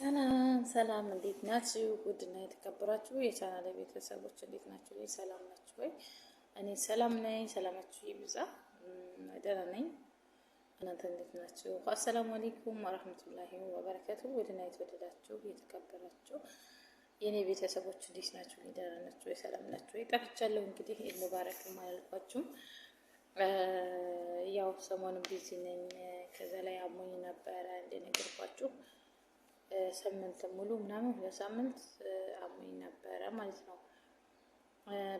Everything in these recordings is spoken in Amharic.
ሰላም ሰላም፣ እንዴት ናችሁ? ውድና የተከበራችሁ የቻናል ቤተሰቦች እንዴት ናችሁ? ወይ ሰላም ናችሁ ወይ? እኔ ሰላም ነኝ። ሰላማችሁ ይብዛ። ደህና ነኝ። እናንተ እንዴት ናችሁ? አሰላሙ አሌይኩም ወረህመቱላሂ ወበረከቱ። ውድና የተወደዳችሁ የተከበራችሁ የእኔ ቤተሰቦች እንዴት ናችሁ? ደህና ናችሁ ወይ? ሰላም ናችሁ ወይ? ጠፍቻለሁ። እንግዲህ ሙባረክም አላልኳችሁም። ያው ሰሞኑን ቢዚ ነኝ። ከዛ ላይ አሞኝ ነበረ እንደነገርኳችሁ ሳምንት ሙሉ ምናምን ሁለት ሳምንት አሞኝ ነበረ ማለት ነው።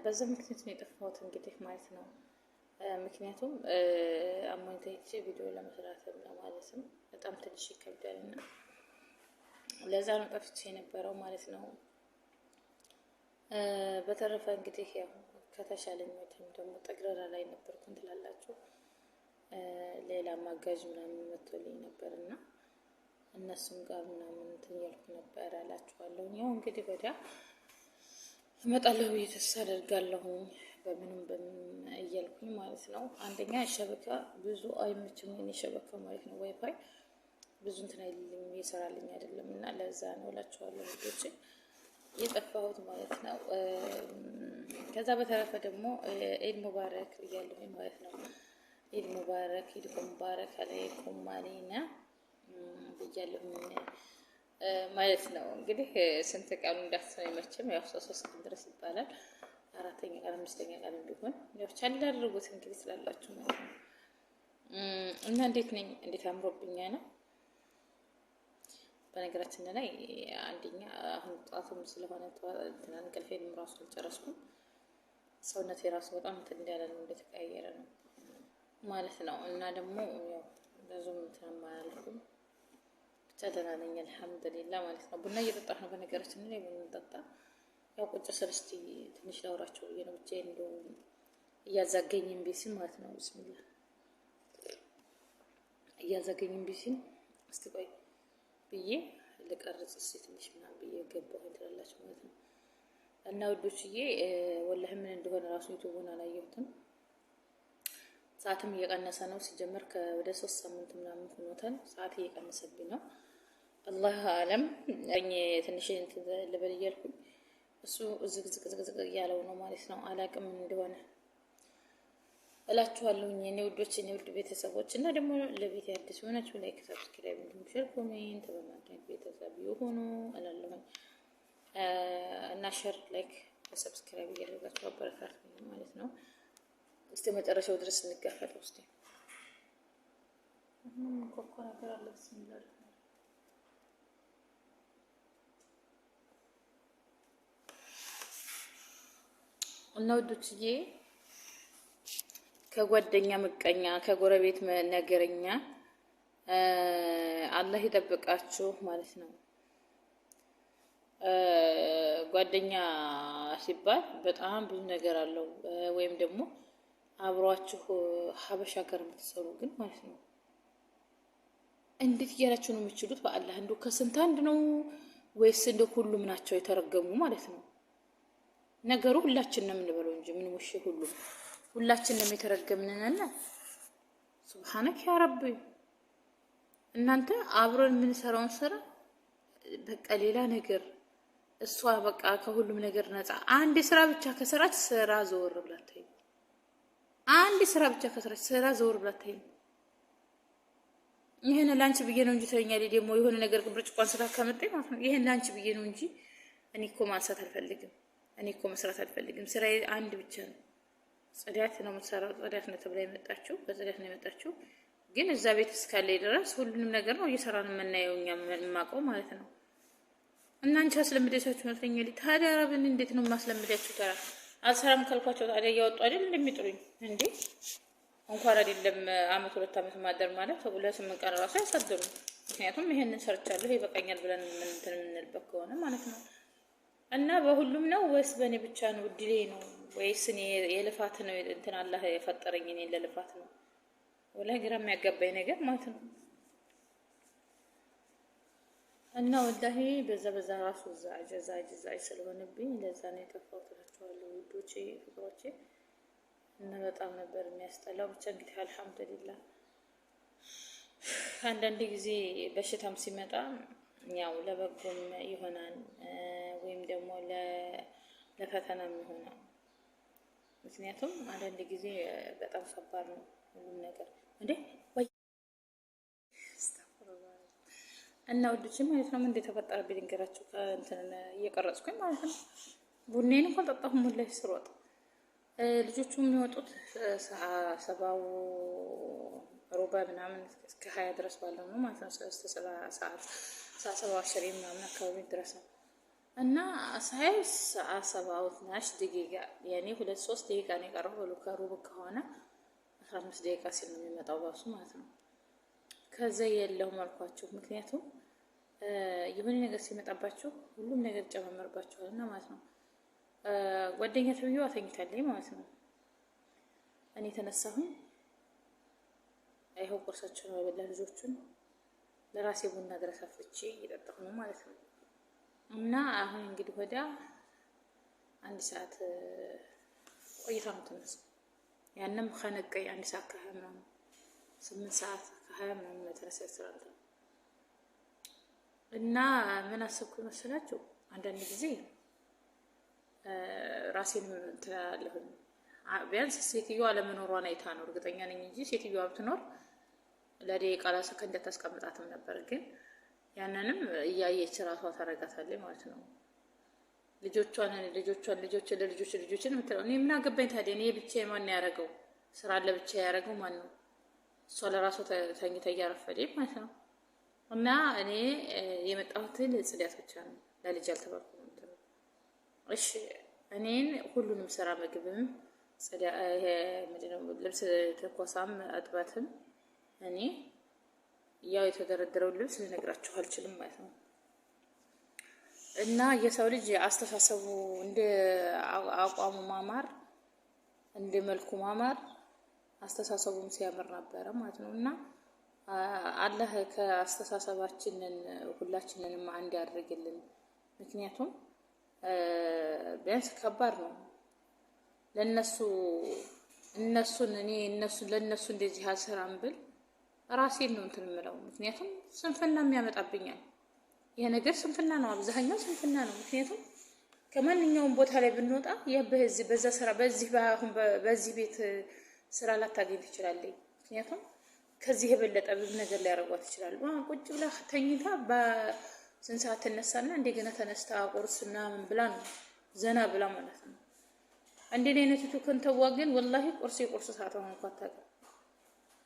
በዛ ምክንያት ነው የጠፋሁት እንግዲህ ማለት ነው። ምክንያቱም አሞኝ ተይቼ ቪዲዮ ለመስራትም ለማለትም በጣም ትንሽ ይከብዳል እና ለዛ ነው ጠፍቼ የነበረው ማለት ነው። በተረፈ እንግዲህ ያው ከተሻለኝ ወይም ደግሞ ጠግረራ ላይ ነበርኩ እንትላላችሁ ሌላ ማጋዥ ምናምን መቶልኝ ነበር እና እነሱም ጋር ምናምን እንትን እያልኩ ነበር አላችኋለሁ። ያው እንግዲህ በዳ እመጣለሁ ብዬ ተስፋ በምንም በምንም እያልኩኝ ማለት ነው። አንደኛ ሸበካ ብዙ አይመችም የሸበካ ማለት ነው። ዋይፋይ ብዙ እንትን አይልም ይሰራልኝ አይደለም እና ለዛ ነው እላችኋለሁ ልጆች የጠፋሁት ማለት ነው። ከዛ በተረፈ ደግሞ ኤድ ሙባረክ ብያለሁኝ ማለት ነው። ኢድ ሙባረክ ኢድኩም ሙባረክ አለይኩም ማሊና ብያለሁ ማለት ነው። እንግዲህ ስንት ቀኑ እንዳትሰማኝ መቼም ያው ሶስት ሶስት ቀን ድረስ ይባላል። አራተኛ ቀን አምስተኛ ቀን ቢሆን ያው ቻል አድርጉት እንግዲህ ስላላችሁ ማለት ነው። እና እንዴት ነኝ? እንዴት አምሮብኛ ነው። በነገራችን ላይ አንደኛ አሁን ጠዋቱም ስለሆነ እንቅልፌንም ራሱ አልጨረስኩም። ሰውነት የራሱ በጣም እንትን እንዳለ ነው እንደተቀያየረ ነው ማለት ነው። እና ደግሞ ብዙም እንትን አላልኩም ብቻ ደህና ነኝ አልሐምዱሊላ ማለት ነው። ቡና እየጠጣሁ ነው። በነገራችን ላይ የምንጠጣ ያው ቁጭ ስርስቲ ትንሽ ላውራቸው ብዬ ነው። ብቻ እንደው እያዛገኝም ቢሲል ማለት ነው። ብስሚላ እያዛገኝም ቢሲል እስቲ ቆይ ብዬ ልቀርጽ እስቲ ትንሽ ምናምን ብዬ ገባሁ ትላላችሁ ማለት ነው። እና ውዶችዬ ወላሂ ምን እንደሆነ ራሱ ዩቱቡን አላየሁትም። ሰዓትም እየቀነሰ ነው። ሲጀመር ከወደ ሶስት ሳምንት ምናምን ሆኖታል። ሰዓት እየቀነሰብኝ ነው። አላህ አለም ትንሽ እንትን ልበል እያልኩኝ እሱ ዝግዝግዝግዝግ እያለው ነው ማለት ነው። አላቅም እንደሆነ እላችኋለሁኝ የኔ ውዶች፣ የኔ ውድ ቤተሰቦች እና ደግሞ ለቤት አዲስ የሆናችሁ ላይክ፣ ሰብስክራይብ እንዲሁም ሼር፣ ኮሜንት በማድረግ ቤተሰብ የሆኑ እላለሁኝ እና ሼር፣ ላይክ፣ ሰብስክራይብ እያደረጋችሁ አበረታት ማለት ነው። እስቲ መጨረሻው ድረስ እንጋፈጥ ውስጥ ኮኮ ነገር አለ ስሚላል እና ውዶችዬ ከጓደኛ ምቀኛ፣ ከጎረቤት ነገረኛ አላህ ይጠብቃችሁ ማለት ነው። ጓደኛ ሲባል በጣም ብዙ ነገር አለው። ወይም ደግሞ አብሯችሁ ሀበሻ ጋር የምትሰሩ ግን ማለት ነው እንዴት እያላችሁ ነው የምችሉት? በአላህ እንዶ ከስንት አንድ ነው ወይስ እንደ ሁሉም ናቸው የተረገሙ ማለት ነው? ነገሩ ሁላችን ነው የምንበለው እንጂ ምን ሙሽ ሁሉ ሁላችን ነው የተረገምንና ሱብሃነክ ያ ረቢ። እናንተ አብረን የምንሰራውን ስራ በቃ ሌላ ነገር እሷ በቃ ከሁሉም ነገር ነፃ አንድ ስራ ብቻ ከሰራች ስራ ዘወር ብላ አታይም። አንድ ስራ ብቻ ከሰራች ስራ ዘወር ብላ አታይም። ይሄን ላንቺ ብዬ ነው እንጂ ትለኛለች ደግሞ የሆነ ነገር ብርጭቋን ስታ ከመጣኝ ማለት ነው። ይሄን ላንቺ ብዬ ነው እንጂ እኔ እኮ ማንሳት አልፈልግም እኔ እኮ መስራት አልፈልግም፣ ስራ አንድ ብቻ ነው፣ ጽዳት ነው የምትሰራው። ጽዳት ነው ተብላ የመጣችው በጽዳት ነው የመጣችው። ግን እዛ ቤት እስካለ ድረስ ሁሉንም ነገር ነው እየሰራን የምናየው እኛ የማውቀው ማለት ነው። እና አንቺ አስለምደቻችሁ ይመስለኛል። ታዲያ አረብን እንዴት ነው የማስለምዳችሁ? ተራ አልሰራም ካልኳቸው ታዲያ እያወጡ አይደል እንደሚጥሩኝ እንዴ! እንኳን አይደለም አመት ሁለት አመት ማደር ማለት ለስምንት ቀን ራሱ አያሳድሩም። ምክንያቱም ይሄንን ሰርቻለሁ ይበቃኛል ብለን ምንትን የምንልበት ከሆነ ማለት ነው እና በሁሉም ነው ወይስ በእኔ ብቻ ነው? እድሌ ነው ወይስ እኔ የልፋት ነው? እንትን አላህ የፈጠረኝ እኔን ለልፋት ነው? ወላሂ ግራ የሚያጋባኝ ነገር ማለት ነው። እና ወላሂ በዛ በዛ ራሱ እዛ ጀዛ ጀዛ ስለሆነብኝ ለዛ ነው የጠፋሁት እላቸዋለሁ ውዶቼ፣ ፍቅሮቼ እና በጣም ነበር የሚያስጠላው። ብቻ እንግዲህ አልሐምዱሊላህ አንዳንድ ጊዜ በሽታም ሲመጣ ያው ለበጎም ይሆናል ወይም ደግሞ ለፈተናም ይሆናል። ምክንያቱም አንዳንድ ጊዜ በጣም ከባድ ነው ሁሉም ነገር እንዴ እና ውዶች ማለት ነው ምን እንደተፈጠረ ልንገራችሁ። እንትን እየቀረጽኩኝ ማለት ነው። ቡኔን እንኳን ጠጣሁ ሙሉ ላይ ስሮጥ ልጆቹ የሚወጡት ሰባው ሮባ ምናምን እስከ ሀያ ድረስ ባለው ነው ማለት ነው ስለ ሰባ ሰዓት አስራ ሰባ አሽሬ ምናምን አካባቢ ድረስ ነው እና ሳይ ሰባውት ናሽ ደቂቃ ያኔ ሁለት ሶስት ደቂቃ ነው የቀረው ብሎ ከሩብ ከሆነ አስራ አምስት ደቂቃ ሲል ነው የሚመጣው ባሱ ማለት ነው። ከዛ የለውም አልኳችሁ። ምክንያቱም የሆነ ነገር ሲመጣባቸው ሁሉም ነገር ጨመመርባቸዋል እና ማለት ነው። ጓደኛ ተብዬዋ ተኝታለኝ ማለት ነው። እኔ ተነሳሁኝ። አይሆን ቁርሳቸውን ያበላ ልጆቹን ለራሴ ቡና ድረስ አፍልቼ እየጠጣሁ ነው ማለት ነው። እና አሁን እንግዲህ ወደ አንድ ሰዓት ቆይታ ነው ተነሳ። ያንም ከነቀይ አንድ ሰዓት ከሀያ ምናምን ስምንት ሰዓት ከሀያ ምናምን መድረስ ያስራል። እና ምን አሰብኩ መሰላችሁ አንዳንድ ጊዜ ራሴን ትላለሁኝ። ቢያንስ ሴትዮዋ አለመኖሯን አይታ ነው እርግጠኛ ነኝ እንጂ ሴትዮዋ ብትኖር ለደቂቃ ለሰከንድ አታስቀምጣትም ነበር፣ ግን ያንንም እያየች ራሷ ታረጋታለች ማለት ነው። ልጆቿን ልጆቿን ልጆች ለልጆች ልጆችን የምትለው እኔ ምን አገባኝ ታዲያ? እኔ ብቻ ማን ያደረገው ስራ ለብቻ ያደረገው ማን ነው? እሷ ለራሷ ተኝታ እያረፈደች ማለት ነው። እና እኔ የመጣሁት ጽዳት ብቻ ነው ለልጅ አልተባልኩም። እሺ እኔን ሁሉንም ስራ ምግብም፣ ልብስ ትኮሳም፣ እጥበትም? እኔ ያው የተደረደረውን ልብስ ልነግራችሁ አልችልም ማለት ነው። እና የሰው ልጅ አስተሳሰቡ እንደ አቋሙ ማማር እንደ መልኩ ማማር አስተሳሰቡም ሲያምር ነበረ ማለት ነው። እና አላህ ከአስተሳሰባችንን ሁላችንንም አንድ ያደርግልን። ምክንያቱም ቢያንስ ከባድ ነው ለነሱ እነሱን እኔ እነሱ ለእነሱ እንደዚህ አልሰራም ብል ራሴን ነው እንትን የምለው። ምክንያቱም ስንፍና የሚያመጣብኛል ይሄ ነገር ስንፍና ነው፣ አብዛኛው ስንፍና ነው። ምክንያቱም ከማንኛውም ቦታ ላይ ብንወጣ በዚህ በዛ ስራ በዚህ አሁን በዚህ ቤት ስራ ላታገኝ ትችላለች። ምክንያቱም ከዚህ የበለጠ ብዙ ነገር ሊያደርጓት ይችላሉ። አሁን ቁጭ ብላ ተኝታ በስንት ሰዓት ትነሳና እንደገና ተነስታ ቁርስና ምን ብላ ነው ዘና ብላ ማለት ነው። እንደኔ አይነቱ ከንተዋ ግን ወላሂ ቁርስ የቁርስ ሰዓት ሆኖ እንኳ አታውቅም።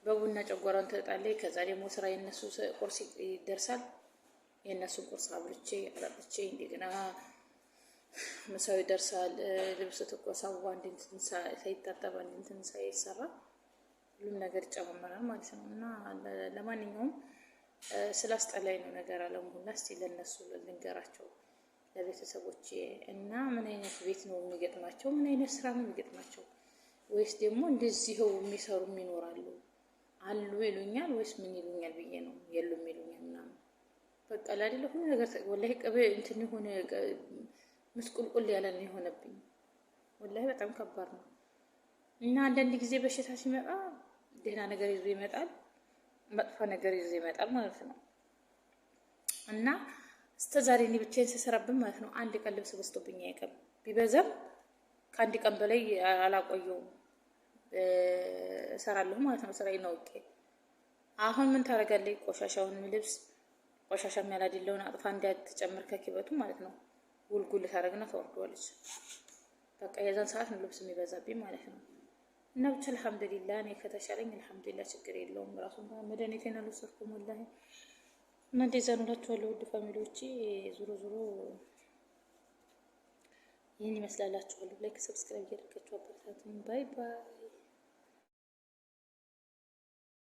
በቡና ጨጓራን ትጠጣለች። ከዛ ደግሞ ስራ የነሱ ቁርስ ይደርሳል። የእነሱን ቁርስ አብልቼ አጠጥቼ እንደገና ምሳው ይደርሳል። ልብስ ትቆሳዋ እንድንትን ሳይታጠብ እንድንትን ሳይሰራ ሁሉም ነገር ይጨማመራል ማለት ነው። እና ለማንኛውም ስላስጠላኝ ነው ነገር አለሙና እስቲ ለእነሱ ልንገራቸው ለቤተሰቦች እና ምን አይነት ቤት ነው የሚገጥማቸው? ምን አይነት ስራ ነው የሚገጥማቸው? ወይስ ደግሞ እንደዚህው የሚሰሩም ይኖራሉ። አሉ ይሉኛል ወይስ ምን ይሉኛል ብዬ ነው የሉም ይሉኛል ምናምን በቃ ላደለ ሁሉ ነገር ወላሂ ቅቤ እንትን የሆነ ምስቁልቁል ያለ ነው የሆነብኝ። ወላሂ በጣም ከባድ ነው። እና አንዳንድ ጊዜ በሽታ ሲመጣ ደህና ነገር ይዞ ይመጣል፣ መጥፎ ነገር ይዞ ይመጣል ማለት ነው። እና እስከ ዛሬ እኔ ብቻዬን ስሰራብን ማለት ነው አንድ ቀን ልብስ በዝቶብኝ አይቀርም። ቢበዛም ከአንድ ቀን በላይ አላቆየውም። እሰራለሁ ማለት ነው። ስራዬን አውቄ አሁን ምን ታደርጋለች? ቆሻሻውንም ልብስ ቆሻሻ የሚያላድለውን አጥፋ እንዳትጨምር ከኪበቱ ማለት ነው። ጉልጉል ታደርግና ታወርደዋለች። በቃ የዛን ሰዓት ነው ልብስ የሚበዛብኝ ማለት ነው። እና ብቻ አልሐምዱሊላ እኔ ከተሻለኝ አልሐምዱሊላ ችግር የለውም። ራሱ ራሱን መድኃኒቴን አልወሰድኩም ወላሂ። እና እንደዛ ነው እላችኋለሁ ውድ ፋሚሊዎቼ። ዞሮ ዞሮ ይህን ይመስላላችኋለሁ። ላይክ ሰብስክራይብ እያደረጋችሁ አበረታቱኝ። ባይ ባይ